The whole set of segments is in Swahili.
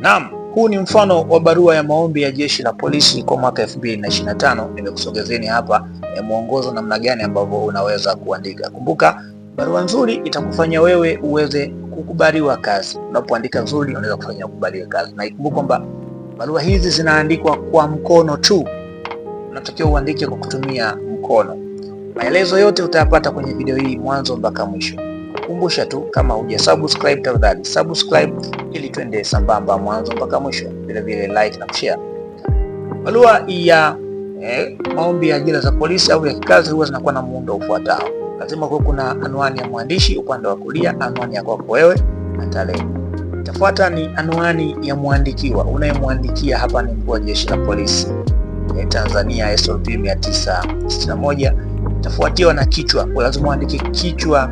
Naam, huu ni mfano wa barua ya maombi ya Jeshi la Polisi kwa mwaka 2025. Nimekusogezeni hapa e, mwongozo namna gani ambavyo unaweza kuandika. Kumbuka barua nzuri itakufanya wewe uweze kukubaliwa kazi. Unapoandika nzuri, unaweza kufanya kukubaliwa kazi, na ikumbuke kwamba barua hizi zinaandikwa kwa mkono tu, unatakiwa uandike kwa kutumia mkono. Maelezo yote utayapata kwenye video hii mwanzo mpaka mwisho kukumbusha tu kama uja subscribe, tafadhali subscribe ili tuende sambamba mwanzo mpaka mwisho. vile vile like na share. Barua ya eh, maombi ya ajira za polisi au ya kikazi huwa zinakuwa na muundo ufuatao. Lazima kuwe kuna anwani ya mwandishi upande wa kulia, anwani ya kwako wewe na tarehe. Tafuata ni anwani ya mwandikiwa, unayemwandikia hapa ni mkuu wa jeshi la polisi eh, Tanzania SOP 961. tafuatiwa na kichwa, lazima uandike kichwa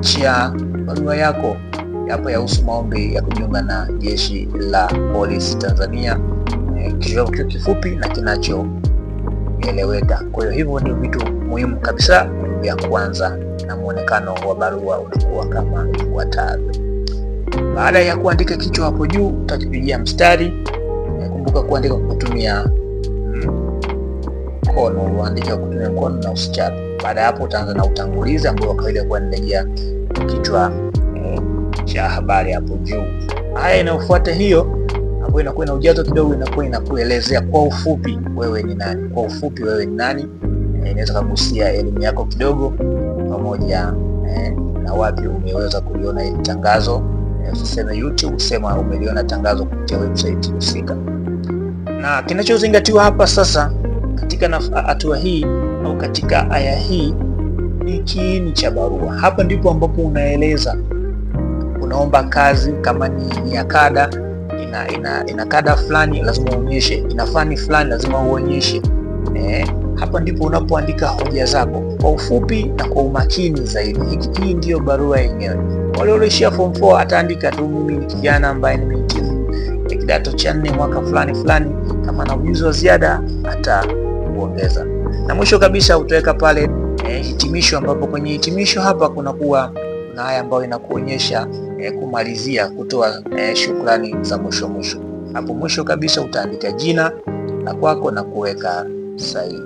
cha barua yako hapa yahusu maombi ya kujiunga na jeshi la polisi Tanzania, e, kiokio kifupi na kinachoeleweka. Kwa hiyo hivyo ni vitu muhimu kabisa vya kwanza, na muonekano wa barua utakuwa kama ifuatavyo. Baada ya kuandika kichwa hapo juu, utakipigia mstari. Kumbuka kuandika kutumia mkono, uandike kutumia mkono na usichape baada ya hapo utaanza na utangulizi ambao kwa kawaida kwa nirejea kichwa eh, cha habari hapo juu. Haya, inayofuata hiyo ambayo inakuwa ina ujazo kidogo, inakuwa inakuelezea kwa ufupi wewe ni nani, kwa ufupi wewe ni nani. Eh, inaweza kugusia elimu yako kidogo pamoja eh, na wapi umeweza kuliona hili tangazo. Eh, usiseme YouTube, usema umeliona tangazo kupitia website husika. Na kinachozingatiwa hapa sasa katika hatua hii katika aya hii ni kiini cha barua. Hapa ndipo ambapo unaeleza unaomba kazi, kama ni ya kada ina, ina, ina kada fulani lazima uonyeshe, ina fani fulani lazima uonyeshe. Eh, hapa ndipo unapoandika hoja zako kwa ufupi na kwa umakini zaidi. Hii ndiyo barua yenyewe. Wale walioishia form 4 ataandika tu, mimi ni kijana ambaye nimehitimu kidato cha nne mwaka fulani fulani, kama na ujuzi wa ziada atauongeza na mwisho kabisa utaweka pale e, hitimisho ambapo kwenye hitimisho hapa kunakuwa na haya ambayo inakuonyesha e, kumalizia kutoa e, shukrani za mwisho mwisho. Hapo mwisho kabisa utaandika jina la kwako na kuweka sahihi.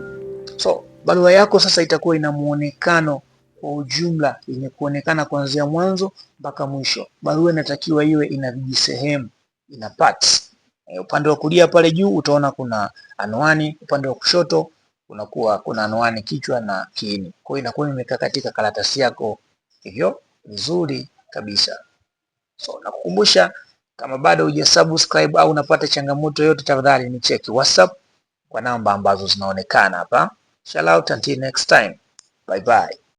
So barua yako sasa itakuwa ina muonekano kwa ujumla, yenye kuonekana kuanzia mwanzo mpaka mwisho. Barua inatakiwa iwe ina vijisehemu, ina parts. E, upande wa kulia pale juu utaona kuna anwani, upande wa kushoto unakuwa kuna anwani kichwa na kiini. Kwa hiyo inakuwa imekaa katika karatasi yako hivyo vizuri kabisa. So nakukumbusha kama bado huja subscribe au unapata changamoto yote, tafadhali ni cheki WhatsApp kwa namba ambazo zinaonekana hapa. Shout out until next time. Bye bye.